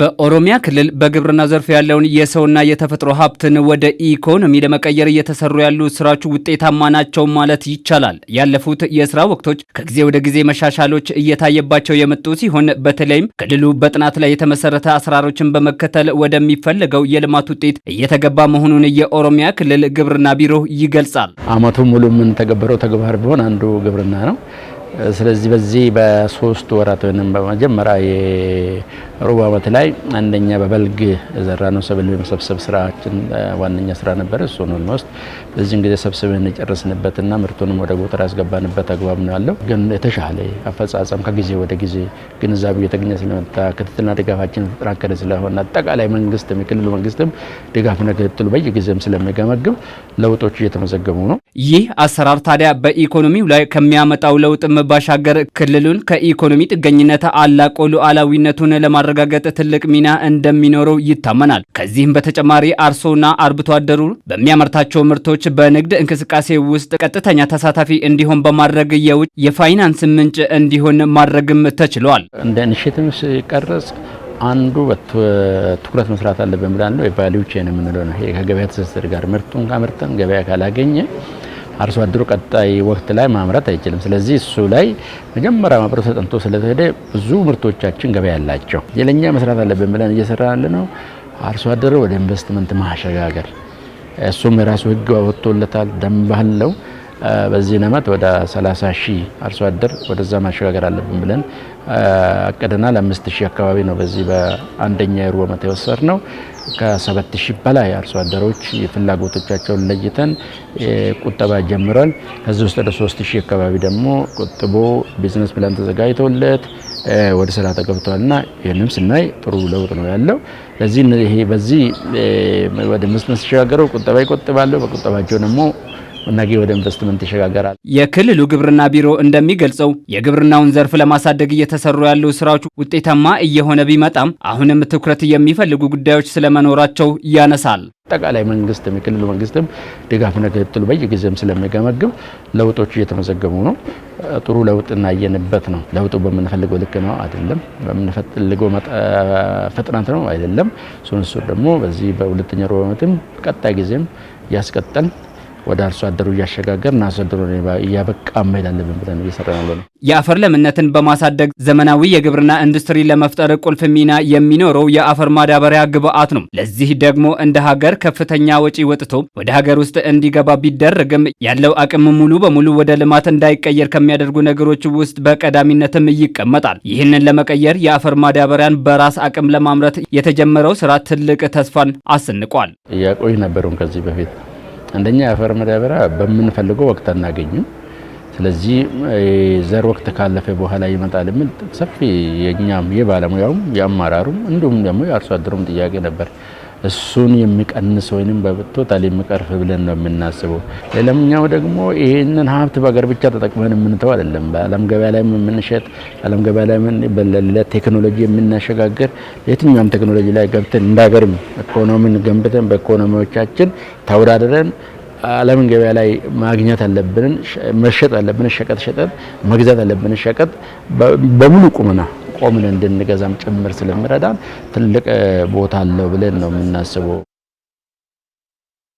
በኦሮሚያ ክልል በግብርና ዘርፍ ያለውን የሰውና የተፈጥሮ ሀብትን ወደ ኢኮኖሚ ለመቀየር እየተሰሩ ያሉ ስራዎች ውጤታማ ናቸው ማለት ይቻላል። ያለፉት የስራ ወቅቶች ከጊዜ ወደ ጊዜ መሻሻሎች እየታየባቸው የመጡ ሲሆን በተለይም ክልሉ በጥናት ላይ የተመሰረተ አሰራሮችን በመከተል ወደሚፈለገው የልማት ውጤት እየተገባ መሆኑን የኦሮሚያ ክልል ግብርና ቢሮ ይገልጻል። አመቱ ሙሉ የምንተገበረው ተግባር ቢሆን አንዱ ግብርና ነው። ስለዚህ በዚህ በሶስት ወራት ወይም በመጀመሪያ የሩብ ዓመት ላይ አንደኛ በበልግ ዘራ ነው ሰብል የመሰብሰብ ስራችን ዋነኛ ስራ ነበረ። ነው ኦልሞስት በዚህን ጊዜ ሰብስበን የጨረስንበትና ምርቱንም ወደ ጎተራ ያስገባንበት አግባብ ነው ያለው። ግን የተሻለ አፈጻጸም ከጊዜ ወደ ጊዜ ግንዛቤ እየተገኘ ስለመጣ ክትትልና ድጋፋችን የተጠናከረ ስለሆነ አጠቃላይ መንግስትም የክልሉ መንግስትም ድጋፍና ክትትሉ በየጊዜም ስለሚገመግም ለውጦች እየተመዘገቡ ነው። ይህ አሰራር ታዲያ በኢኮኖሚው ላይ ከሚያመጣው ለውጥ ባሻገር ክልሉን ከኢኮኖሚ ጥገኝነት አላቆ ሉዓላዊነቱን ለማረጋገጥ ትልቅ ሚና እንደሚኖረው ይታመናል። ከዚህም በተጨማሪ አርሶና አርብቶ አደሩ በሚያመርታቸው ምርቶች በንግድ እንቅስቃሴ ውስጥ ቀጥተኛ ተሳታፊ እንዲሆን በማድረግ የውጭ የፋይናንስ ምንጭ እንዲሆን ማድረግም ተችሏል። እንደ ንሽትም ሲቀረጽ አንዱ ትኩረት መስራት አለብን ብላለው የቫሊዩ ቼን የምንለው ነው። ይሄ ከገበያ ትስስር ጋር ምርቱን ካመርተን ገበያ ካላገኘ አርሶ አደሩ ቀጣይ ወቅት ላይ ማምረት አይችልም። ስለዚህ እሱ ላይ መጀመሪያ ማምረት ተጠንቶ ስለተሄደ ብዙ ምርቶቻችን ገበያ ያላቸው የለኛ መስራት አለብን ብለን እየሰራ ያለ ነው። አርሶ አደሩ ወደ ኢንቨስትመንት ማሸጋገር እሱም የራሱ ህግ ወጥቶለታል፣ ደንብ አለው። በዚህ ዓመት ወደ 30 ሺህ አርሶ አደር ወደዛ ማሸጋገር አለብን ብለን አቅደናል። አምስት ሺህ አካባቢ ነው በዚህ በአንደኛ የሩብ ዓመት የወሰድ ነው። ከሰባት ሺህ በላይ አርሶ አደሮች ፍላጎቶቻቸውን ለይተን ቁጠባ ጀምሯል። ከዚህ ውስጥ ወደ ሶስት ሺህ አካባቢ ደግሞ ቁጥቦ ቢዝነስ ፕላን ተዘጋጅተውለት ወደ ስራ ተገብቷል እና ይህንም ስናይ ጥሩ ለውጥ ነው ያለው። ለዚህ በዚህ ወደ ምስነ ሲሸጋገረው ቁጠባ ይቆጥባሉ። በቁጠባቸው ደግሞ ነገ ወደ ኢንቨስትመንት ይሸጋገራል። የክልሉ ግብርና ቢሮ እንደሚገልጸው የግብርናውን ዘርፍ ለማሳደግ እየተሰሩ ያሉ ስራዎች ውጤታማ እየሆነ ቢመጣም አሁንም ትኩረት የሚፈልጉ ጉዳዮች ስለመኖራቸው ያነሳል። አጠቃላይ መንግስትም የክልሉ መንግስትም ድጋፍና ክትትሉ በየጊዜም ስለሚገመግም ለውጦች እየተመዘገቡ ነው። ጥሩ ለውጥ እናየንበት ነው። ለውጡ በምንፈልገው ልክ ነው አይደለም፣ በምንፈልገው ፍጥነት ነው አይደለም። እሱን እሱን ደግሞ በዚህ በሁለተኛ ሩብ ዓመትም ቀጣይ ጊዜም ያስቀጠል ወደ አርሶ አደሩ እያሸጋገር አርሶ አደሩ እያበቃ መሄድ ብለን እየሰራ ያለ ነው። የአፈር ለምነትን በማሳደግ ዘመናዊ የግብርና ኢንዱስትሪ ለመፍጠር ቁልፍ ሚና የሚኖረው የአፈር ማዳበሪያ ግብአት ነው። ለዚህ ደግሞ እንደ ሀገር ከፍተኛ ወጪ ወጥቶ ወደ ሀገር ውስጥ እንዲገባ ቢደረግም ያለው አቅም ሙሉ በሙሉ ወደ ልማት እንዳይቀየር ከሚያደርጉ ነገሮች ውስጥ በቀዳሚነትም ይቀመጣል። ይህንን ለመቀየር የአፈር ማዳበሪያን በራስ አቅም ለማምረት የተጀመረው ስራ ትልቅ ተስፋን አስንቋል። እያቆይ ነበረውን ከዚህ በፊት አንደኛ የአፈር መዳበሪያ በምንፈልገው ወቅት አናገኝም። ስለዚህ ዘር ወቅት ካለፈ በኋላ ይመጣል የሚል ሰፊ የእኛም የባለሙያውም የአመራሩም እንዲሁም ደግሞ የአርሶ አደሩም ጥያቄ ነበር። እሱን የሚቀንስ ወይም በቶታል የሚቀርፍ ብለን ነው የምናስበው። ሌላኛው ደግሞ ይህንን ሀብት በሀገር ብቻ ተጠቅመን የምንተው አይደለም። በዓለም ገበያ ላይ የምንሸጥ ዓለም ገበያ ላይ ለቴክኖሎጂ የምናሸጋግር የትኛውም ቴክኖሎጂ ላይ ገብተን እንደ ሀገርም ኢኮኖሚን ገንብተን በኢኮኖሚዎቻችን ተወዳድረን ዓለምን ገበያ ላይ ማግኘት አለብንን መሸጥ አለብንን ሸቀጥ ሸጠን መግዛት አለብንን ሸቀጥ በሙሉ ቁመና ቆምን እንድንገዛም ጭምር ስለሚረዳን ትልቅ ቦታ አለው ብለን ነው የምናስበው።